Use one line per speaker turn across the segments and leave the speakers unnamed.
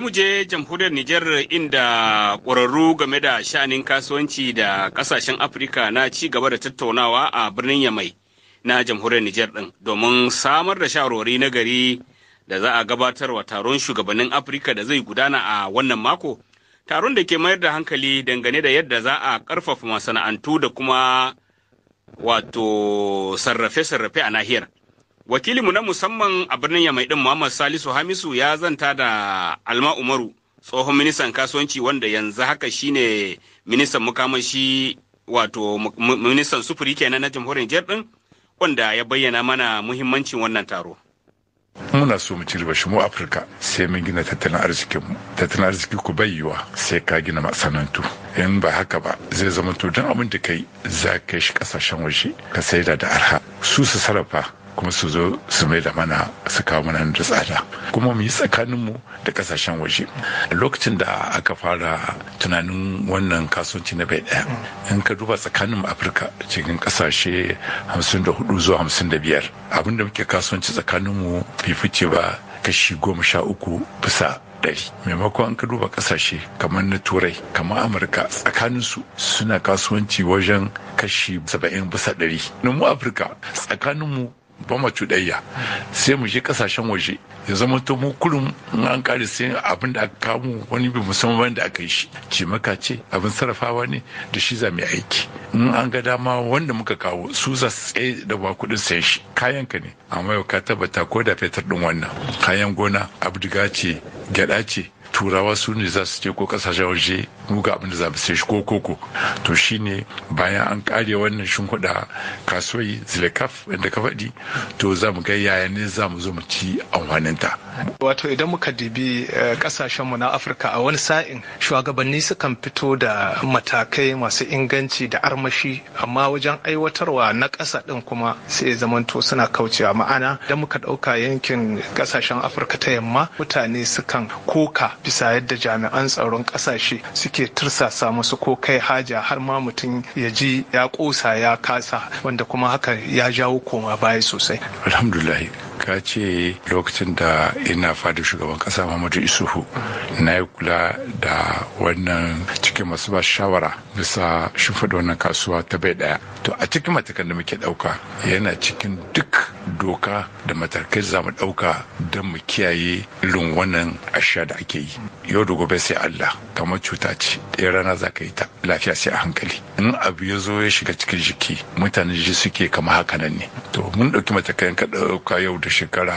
Bari mu je jamhuriyar Nijar inda ƙwararru game da sha'anin kasuwanci da ƙasashen Afirka na ci gaba da tattaunawa a birnin Yamai na jamhuriyar Nijar ɗin domin samar da shawarwari na gari da za a gabatar wa taron shugabannin Afirka da zai gudana a wannan mako. Taron da ke mayar da hankali dangane da yadda za a ƙarfafa masana'antu da kuma wato sarrafe-sarrafe a nahiyar. mu na musamman a birnin yamai din muhammad salisu hamisu ya zanta da alma umaru tsohon ministan kasuwanci wanda yanzu haka shine ministan mukamashi wato ministan sufuri kenan na jamhuriyar jihar din wanda ya bayyana mana muhimmancin wannan taro
muna so mu ci riba shi mu afirka sai mun gina tattalin arzikin mu tattalin arziki ku bai yiwa sai ka gina masana'antu in ba haka ba zai zama to don abin da kai za ka shi kasashen waje ka saida da arha su su sarrafa kuma su zo su mai da mana su kawo mana da tsada kuma mu yi tsakaninmu da kasashen waje lokacin da aka fara tunanin wannan kasuwanci na bai daya in ka duba tsakanin afirka cikin kasashe 54 zuwa 55 abinda muke kasuwanci tsakaninmu bai fice ba kashi goma sha uku bisa ɗari maimakon ka duba ƙasashe kamar na turai kamar amurka tsakaninsu suna kasuwanci wajen kashi saba'in bisa ɗari mu afirka tsakaninmu ba mu sai mu je kasashen waje ya zama to mu kurum in an kare sai abin da aka kamo wani bi musamman da aka yi shi ce maka ce abin sarrafawa ne da shi za mu aiki in an ga dama wanda muka kawo su za su tsaye da ba kuɗin sayan shi kayan ka ne amma yau ka tabbata ko da fetur ɗin wannan kayan gona abdiga ce gyaɗa ce turawa su ne za su je ko kasashen waje mu ga abin da za su shi ko koko to shine bayan an kare wannan shimfiɗa kasuwai zilekaf inda ka faɗi to za mu ga yaya ne za mu zo mu ci amfaninta.
wato idan muka dibi eh, mu na afirka a wani sa'in shugabanni sukan fito da matakai masu inganci da armashi amma wajen aiwatarwa na ƙasa ɗin kuma sai zamanto suna kaucewa ma'ana idan muka ɗauka yankin kasashen afirka ta yamma mutane sukan koka bisa yadda jami'an tsaron ƙasashe suke tursasa musu ko kai haja har ma mutum ya ji ya ƙosa ya kasa wanda kuma haka ya
jawo koma baya sosai. Alhamdulillah ka ce lokacin da ina fada shugaban kasa Muhammadu Isuhu na yi kula da wannan cikin masu ba shawara bisa da wannan kasuwa ta bai ɗaya. To a cikin matakan da muke ɗauka yana cikin duk doka da matakai za mu ɗauka don mu kiyaye irin wannan asha da ake yi yau da gobe sai Allah kamar cuta ce ɗaya rana za ka yi ta lafiya sai a hankali in abu ya zo ya shiga cikin jiki mutane ji suke kama haka nan ne to mun ɗauki matakai ka ɗauka yau da shekara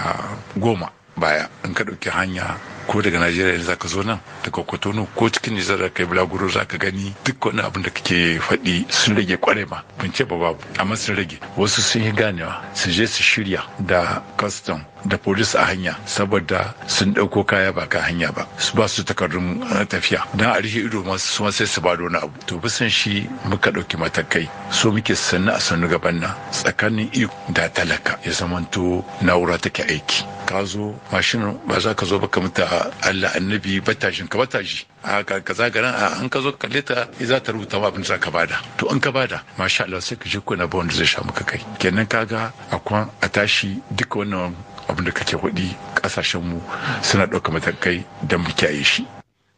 goma baya in ka ɗauki hanya ko daga najeriya ne zaka zo nan daga kotono ko cikin nijar kai bulaguro zaka gani duk wani abin da kake faɗi sun rage kware ma ban ce ba babu amma sun rage wasu sun yi ganewa su je su shirya da custom da polis a hanya saboda sun ɗauko kaya ba ka hanya ba su ba su takardun eh, tafiya don a rike ido masu sai su bado na abu to bisan shi muka ɗauki matakai so muke sanna a sannu gaban nan tsakanin iko da talaka ya zamanto na'ura take aiki ka zo mashin ba za ka zo ba ka mutu Allah annabi battashin ka battashi a ka zagaran a an ka zo kalle ta eh, za ta rubuta ma abin za ka bada to an ka bada masha Allah sai ka je kuna ba wanda zai sha maka kai kenan kaga ga a tashi duka wannan abin da kake kuɗi kasashen mu suna ɗauka matakai don mu kiyaye shi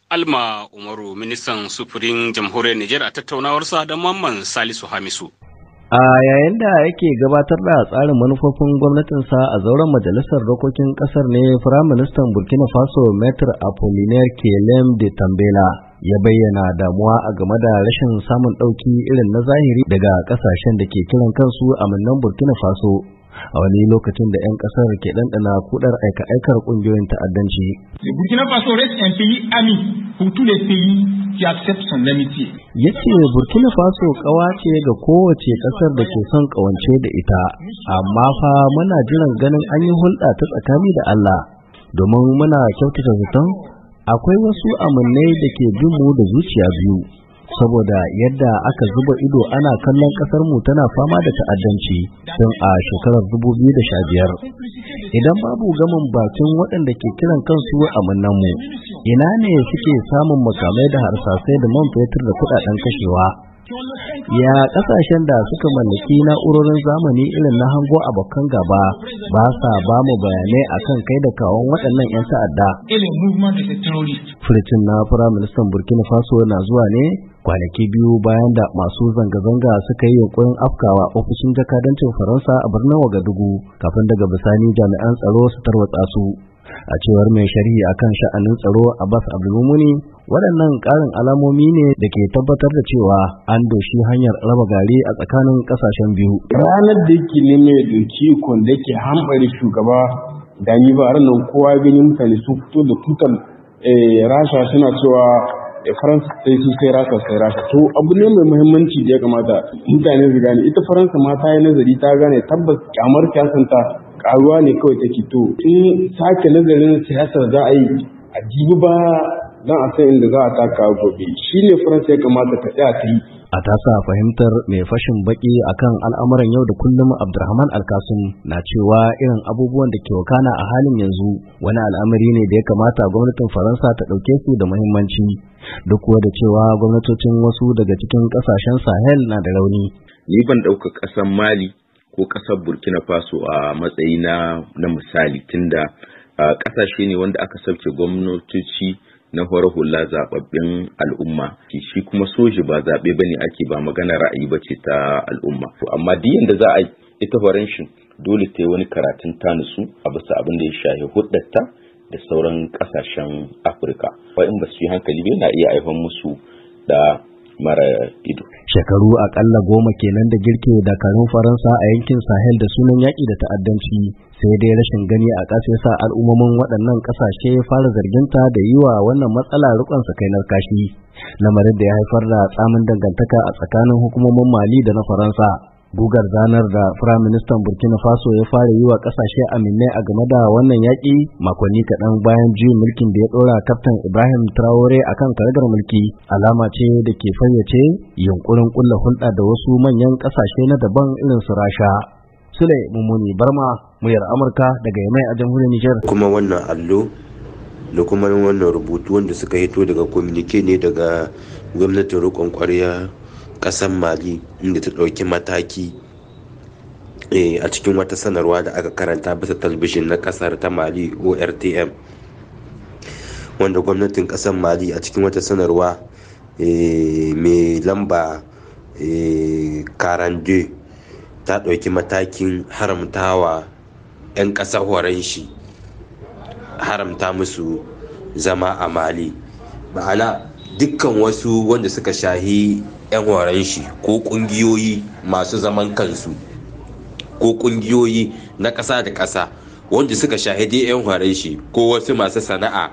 Alma Umaru ministan sufurin jamhuriyar Nijar a tattaunawarsa da
Mamman Salisu Hamisu. a yayin da yake gabatar da tsarin manufofin gwamnatinsa a zauren majalisar dokokin kasar ne firaministan burkina faso metr apollinaire kelem de tambela ya bayyana damuwa a game da rashin samun ɗauki irin na zahiri daga ƙasashen da ke kiran kansu aminan burkina faso a wani lokacin da 'yan ƙasar ke ɗanɗana kudar aika-aikar ƙungiyoyin ta'addanci. Burkina Faso res en
pays ami pour tous pays qui acceptent son amitié.
Ya Burkina Faso kawa ce ga kowace ƙasar da ke son ƙawance da ita, amma fa muna jiran ganin an yi hulɗa ta tsakani da Allah. Domin muna kyautata zaton akwai wasu amannai da ke bin da zuciya biyu. saboda yadda aka zuba ido ana kallon kasar mu tana fama da ta'addanci tun a shekarar 2015 idan babu gaman bakin waɗanda ke kiran kansu a mu ina ne suke samun makamai da harsasai da man fetur da kudaden kashewa ya kasashen da suka mallaki na'urorin zamani irin na hango a abokan gaba ba sa ba mu bayanai akan kai da kawon waɗannan 'yan ta'adda. Furicin na Firaministan Burkina Faso na zuwa ne kwanaki biyu bayan da masu zanga-zanga suka yi yunkurin afkawa ofishin jakadancin faransa a birnin wagadugu kafin daga bisani jami'an tsaro su tarwatsa su a cewar mai sharhi akan sha'anin tsaro a abbas abdulmumuni waɗannan ƙarin alamomi ne da ke tabbatar da cewa an doshi hanyar raba gari a tsakanin ƙasashen biyu ranar
da yake ne mai doki da ke hambari shugaba da ba ranar kowa gani mutane sun fito da tutar eh, rasha suna cewa faransa sai su sai raka sai raka to abu ne mai muhimmanci da ya kamata mutane su gane ita faransa ma ta yi nazari ta gane tabbas kyamar kyasanta karuwa ne kawai take to in sake nazarin siyasar za a yi a dibi ba don a san inda za a taka gobe shi ne faransa ya kamata ta tsaya ta yi
a sa fahimtar mai fashin baki akan al'amuran yau da kullum abdurrahman alkasum na cewa irin abubuwan da ke wakana a halin yanzu wani al'amari ne da ya kamata gwamnatin faransa ta ɗauke su da muhimmanci duk da cewa gwamnatocin wasu daga cikin ƙasashen sahel na da rauni
ni ban ɗauka ƙasar mali ko ƙasar burkina faso a matsayi na misali tunda ƙasashe ne wanda aka sauke gwamnatoci na horar hula zababbin al'umma shi kuma soji ba zaɓe ba ne ake ba magana ra'ayi ba ce ta al'umma amma duk yadda za a ita horon shi dole ta yi wani karatun ta tanusu a bisa abin da ya shahi hudatta da sauran kasashen afirka in ba su yi hankali ba na iya haifar musu da mara ido
shekaru akalla goma kenan da girke karin faransa a yankin sahel da sunan yaƙi da ta'addanci sai dai rashin gani a ƙasa ya sa al'ummomin waɗannan ƙasashe fara zarginta da yi wa wannan matsala kai sakainar kashi lamarin da ya haifar da tsamin dangantaka a tsakanin hukumomin mali da na faransa gugar zanar da firaministan burkina faso ya fara yi wa ƙasashe aminai a game da wannan yaƙi makonni kaɗan bayan juyin mulkin da ya ɗora kaftan ibrahim traore a kan karagar mulki alama ce da ke fayyace yunkurin ƙulla hulɗa da wasu manyan ƙasashe na daban irin su rasha Sule Mummuni Barma muryar Amurka daga Yamai a jamhuriyar Nijar.
Kuma wannan allo da kuma wannan rubutu wanda suka hito daga communique ne daga gwamnatin rukun kwarya kasan Mali inda ta ɗauki mataki eh, a cikin wata sanarwa da aka karanta bisa talbishin na kasar ta mali ortm wanda gwamnatin kasan mali a cikin wata sanarwa eh, mai lamba karande eh, ta ɗauki matakin haramtawa 'yan ƙasar shi haramta musu zama a mali ma'ana dukkan wasu wanda suka shahi 'yan shi ko ƙungiyoyi masu zaman kansu ko ƙungiyoyi na ƙasa da ƙasa wanda suka shahidi 'yan shi ko wasu masu sana'a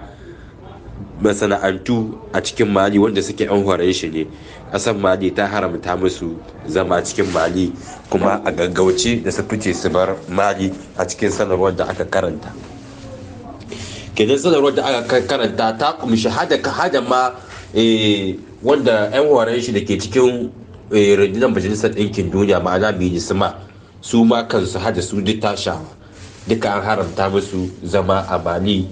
masana'antu a cikin mali wanda suke yan hore shi ne ƙasar mali ta haramta musu zama cikin mali kuma a gaggauce da su fice su bar mali a cikin sanarwar da aka karanta kenan sanarwar da aka karanta ta kumshi hada hada ma eh, wanda yan horon shi da ke cikin eh, rundunar majalisar ɗinkin duniya ma'ana minisma su ma kansu hada su duk tashawa duka an haramta musu zama a mali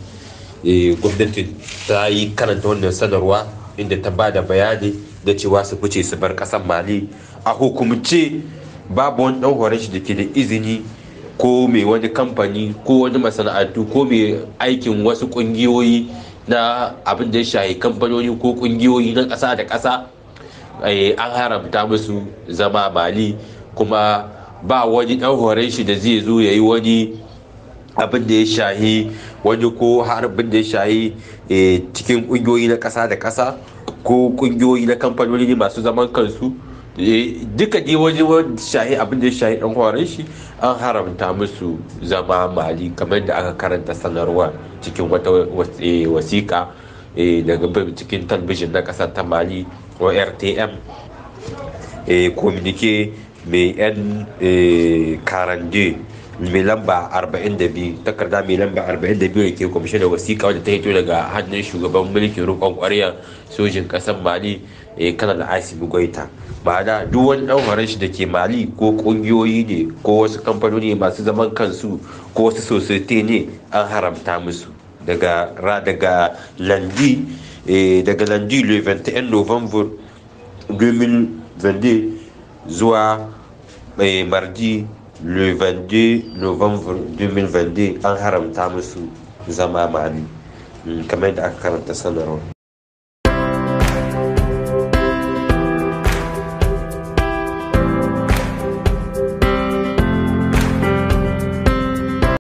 Eh, gwamnati ta yi karanta wannan sanarwa inda ta ba da bayani da cewa su fice su bar kasar mali a hukumce babu wani ɗan horon shi da ke da izini ko mai wani kamfani ko wani masana'antu ko mai aikin wasu ƙungiyoyi na abin da ya shahi kamfanoni ko ƙungiyoyi na ƙasa da ƙasa eh, an haramta musu zama mali kuma ba wani dan horon shi da zai zo ya yi wani abin da ya shahi waje ko har abin da ya shahi eh, cikin kungiyoyi na kasa da kasa ko kungiyoyi na kamfanoni masu zaman kansu eh, duka dai waje shahi abin da ya shahi dan horon shi an haramta musu zama mali kamar da aka karanta sanarwa cikin wata eh, wasiƙa daga cikin talbijin na ƙasa ta mali ko rtm communique mai yan karande mai lamba 42 takarda mai lamba 42 da ke kwamshe da wasiƙa wadda ta hito daga hannun shugaban mulkin roƙon ƙwarya sojin ƙasar mali da eh, asibi goita ma'ana duk wani ɗan shi da ke mali ko ƙungiyoyi ne ko wasu kamfanoni masu zaman kansu ko wasu sosai ne an haramta musu daga daga landi eh, daga landi 21 november 2020 zuwa eh, mardi le 22 novembre 2022 an haramta musu zama mali mm, kamar da aka karanta sanarwar